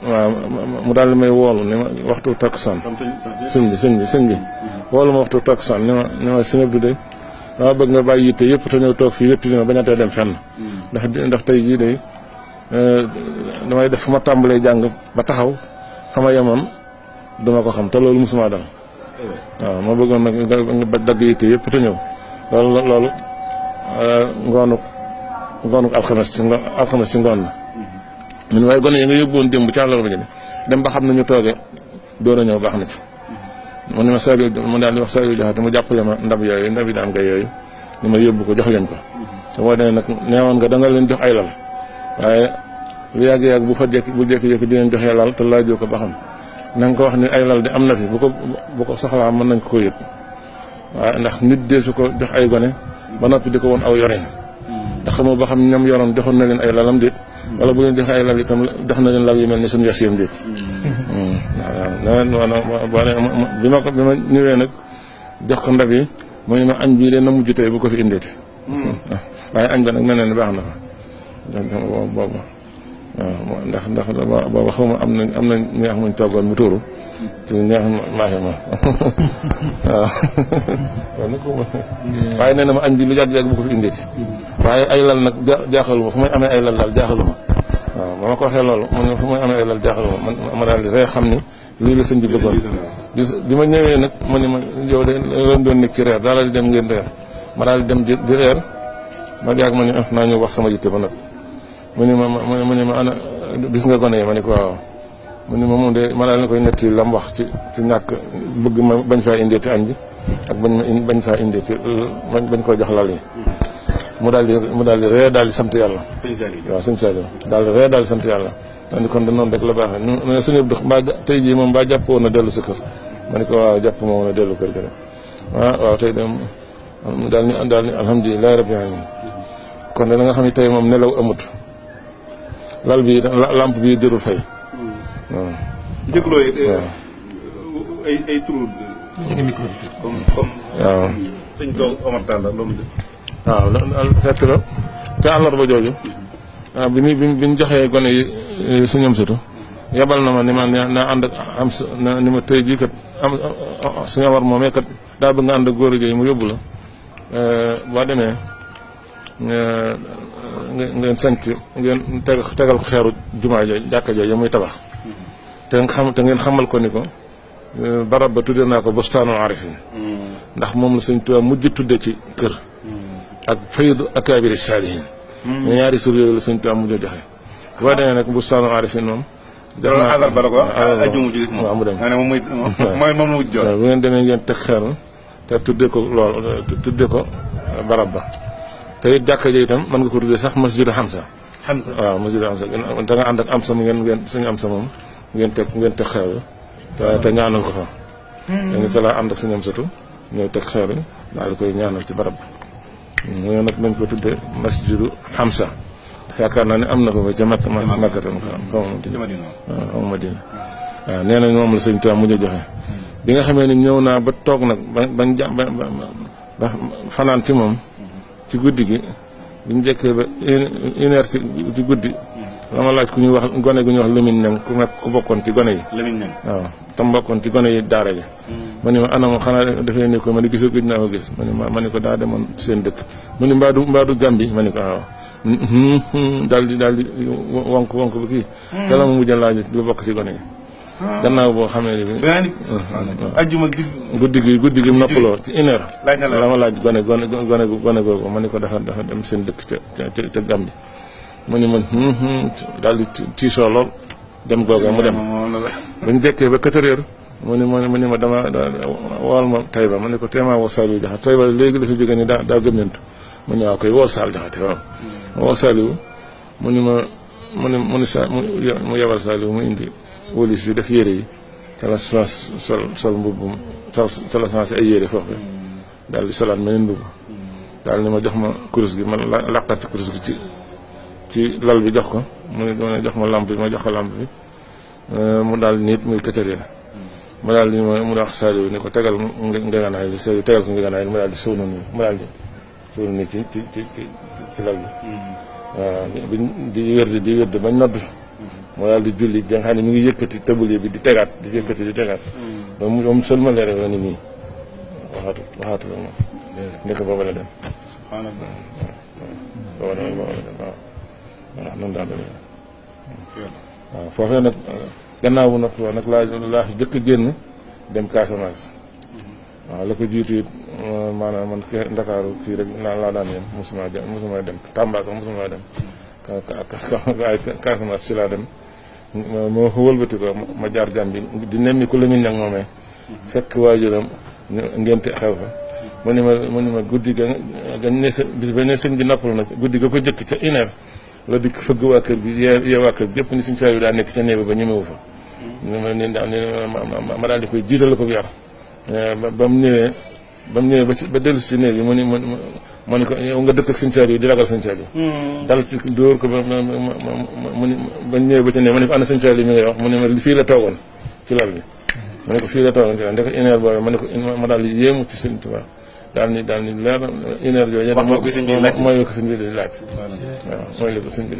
waaw mu daal di may woolu ni ma waxtu takkusaan sëñ bi sëñ bi sëñ bi woolu ma waxtu takkusaan ni ma ni ma sëñ Abdou de dama bëgg nga bàyyi yitte yëpp te ñëw toog fii wétti li ma bañ a tee dem fenn mm. ndax ndax tey jii de eh, damay def fu ma tàmbalee jàng ba taxaw xama yemoon duma ko xam te loolu mosuma dal eh. waaw ma bëggoon nag nga dagg yitte yëpp te ñëw loolu loolu eh, ngoonu ngoonu alxames ci ngoon alxames ci ngoon mun waaye gone ya nga yóbbu woon démb ci àllarba ji dem ba xam nañu tooge door a ñëw baax na ci mu ne ma saagal mu daal di wax saagal jaxate mu jàppale ma ndab yooyu ndab yi daam nga yooyu ni ma yóbbu ko jox leen ko su nag neewoon nga da leen jox ay lal waaye lu yàgg bu fa jekk bu jékki-jékki di joxee lal laajoo ko ba xam ko wax ni ay lal de am na fi bu ko bu ko soxlaa mën nañ ko ko yëpp waaye ndax nit dee su ko jox ay gone ba noppi di ko woon aw yoreen ndax xamoo ba xam ñam yoonam joxoon na leen ay lalam déet wala bu leen joxee ay lal itam jox na leen lal yu mel ni suñu yasiram déet waaw bi ma ko bi ma ñëwee nag jox ko ndab yi mu ne ma añ bii de na mujj tey bu ko fi indeeti waaye añ ba nag mel na ne baax na fa boobu waaw ndax ndax booba xaw ma am nañ am na ñi nga xam mu tuuru te ma waaw ko ma waaye nee na ma añ bi lu yàgg yàgg bu ko fi indeeti waaye ay lal nag jaaxalu ma fu may amee ay lal daal jaaxalu ma ko waxee loolu man fu amee ay lal jaaxalu ma ma daal di ree xam ni lii la sëñ bi bëggoon bi ma ñëwee nag ma ni ma yow de leen doon nekk ci reer daal di dem ngeen reer ma daal di dem di reer ma yàgg ma ni ah, naa ñëw wax sama yitte ba nag mu ne ma mu ne ma ana gis nga gone yi ma ni ko waaw mu ne ma moom de ma daal la koy netti lam wax ci ci ñàkk bëgg ma bañ faa indeeti añ bi ak bañ ma bañ faa indeeti euh, bañ koy jox lal yi mm-hmm. mu daal di mu daal di ree daal di sant yàlla waaw sëñ Saliou daal di ree daal di sant yàlla daal di kon da noonu rek la baaxee suñu dox mbaa tey jii moom mbaa jàpp na dellu sa kër ma ne ko jàpp moom na dellu kër ga rek waaw waaw tey de daal ni daal ni da mm-hmm. nga xam ne tey moom nelaw amut lal bi lampe bi jërul fay waaw njëgloo yi loolu la. waaw la te àllarba jooju. Ah, bi ñu bi ñu joxee gone yi si ñoom yebal na ma ni ma naa ànd ak ma tey jii kat am suñu war moomee kat daa bëgg nga ànd ak góor yi mu yóbbu la eh, boo demee nga ngeen sant ngeen tegal ko xeeru jumaa ja jàkka ja ya muy tabax. te xam te ngeen xamal ko ni ko euh, barab ba tudde naa ko bustaanul arifin mm. ndax moom la sëñ Tuubaa mujj tudde ci kër mm. ak faydu akaabiri saalihin mm. ñaari tur yooyu la sëñ Tuubaa mujj joxe boo demee nag bustaanul arifin moom def naa ko alal ah, waaw ajjuma ji moom mu dem mooy moom la wut jox bu ngeen demee ngeen teg xel te tudde ko lool tudde ko barab ba te it jàkka ji itam mën nga ko tudde sax xam sax Hamza waaw masjid Hamza da nga ànd ak am sama ngeen ngeen suñu am sa moom ngeen teg ngeen teg xeer te te ñaanal ko fa hmm. dañu talaa ànd ak suñu am satu ñëw teg xeer daal di koy ñaanal ci barab mu ne nag nañ ko tudde masjidu Hamza yaakaar naa ne am na ko fa ca makk makkatam ko am madina waaw nee nañ moom la sëñ Tuubaa mujj a joxe hmm. bi nga xamee ni ñëw naa ba toog nag ba bañ ba fanaan ci moom ci guddi gi bi mu jekkee ba une heure ci guddi. Hmm. dama laaj ku ñuy wax gone gu ñu wax Lamine Neng ku nekk ku bokkoon ci gone yi. Lamine Neng waaw tam bokkoon ci gone yi daara ji. Hmm. ma ne ma anam xanaa dafay ne ko ma ne gis gis naa ko gis ma ne ma ma ne ko daa demoon seen dëkk mu ne mbaadu mbaadu Gàmbi ma ne ko waaw. Hmm, daal di daal di wonk wonk ba kii. te la mu mujj laaj ba bokk ci gone yi. gannaaw boo xam ne bi ah, ah, ah. ajjuma gis guddi gi guddi gi noppaloo ci une heure la ma laaj gone gone gone gone googu ma ni ko dafa dafa dem seen dëkk te te gam bi mu ni hmm, hmm, daal di tiisoo lool dem googa mu dem ba ñu jekkee ba quatre heures mu ni mu ni ma dama wool ma Taïba ma ne ko téemaa woo Saliou Diakhaté Taïba léegi dafa jógee ni daa daa gëmmentu mu ni waaw koy wool Saliou Diakhaté waaw hmm. woo Saliou mu ni ma mu ni mu ni sa mu yebal Saliou mu indi wëlis bi def yere yi tala la sonaas sol sol mbubbum sol ca la sonaas ay yére foofu daal di solaat meneen mbubb daal ni ma jox ma kurus gi man laqati kurus gi ci ci lal bi jox ko mu ne ma jox ma lampe ma jox ko lamp bi euh, mu dal nit muy këtëri la mu dal ni mu dal Saliou ni ko tegal ngeganaay li sey tegal ko ngeganaay li mu dal di suuna nii mu dal di suuna nii ci ci ci ci lal bi hmm. waaw di wérdi di wérdi bañ noddu moo di julli da ni mu ngi yëkkati tablier bi di tegaat di yëkkati di tegaat. donc mm. moom seulement leeral la ni nii waxaatu waxaatu la moom. ndeke booba la dem. maanaam booba la dem booba la dem waaw. voilà noonu nag gannaaw bu noppi laa laa jëkk génn dem Casamance. Mm-hmm. waaw la ko jiitu it man kii Ndakaaru fii rek laa daan yem mosuma dem dem Tamba sax mosuma dem Casamance si laa dem. moo ko wëlbati ko ma jaar jàmm di nemmi ku la ñu ñag moomee fekk waajuram ngente xew fa mu mm-hmm. ni ma mu ni ma guddi ga gañ ne sëñ bis ba ne sëñ na guddi ga ko jëkk ca une la dikk fëgg waa kër gi yee yee waa kër gi yëpp ni suñu saa yu daa nekk ca néeg ba ñemewu fa mm-hmm. ma daal di koy jiital ko bi yar eh, ba mu ñëwee ba mu ñëwee ba ci ba dellu si néeg yi mu ni mu ma ni ko yow nga dëkk ak sëñ Saliou di ragal sëñ Saliou dal ci dóor ko ba mu ni ba ñëwee ba ci néeg ma ni ko ana sëñ Saliou mi ngay wax mu ne ma fii la toogoon ci lal bi ma ne ko fii la toogoon ci lal ndeko une heure boobu ma ne ko ma daal di yéemu ci sëñ Tuubaa daal ni daal ni leer na une heure yooyu mooy li ko sëñ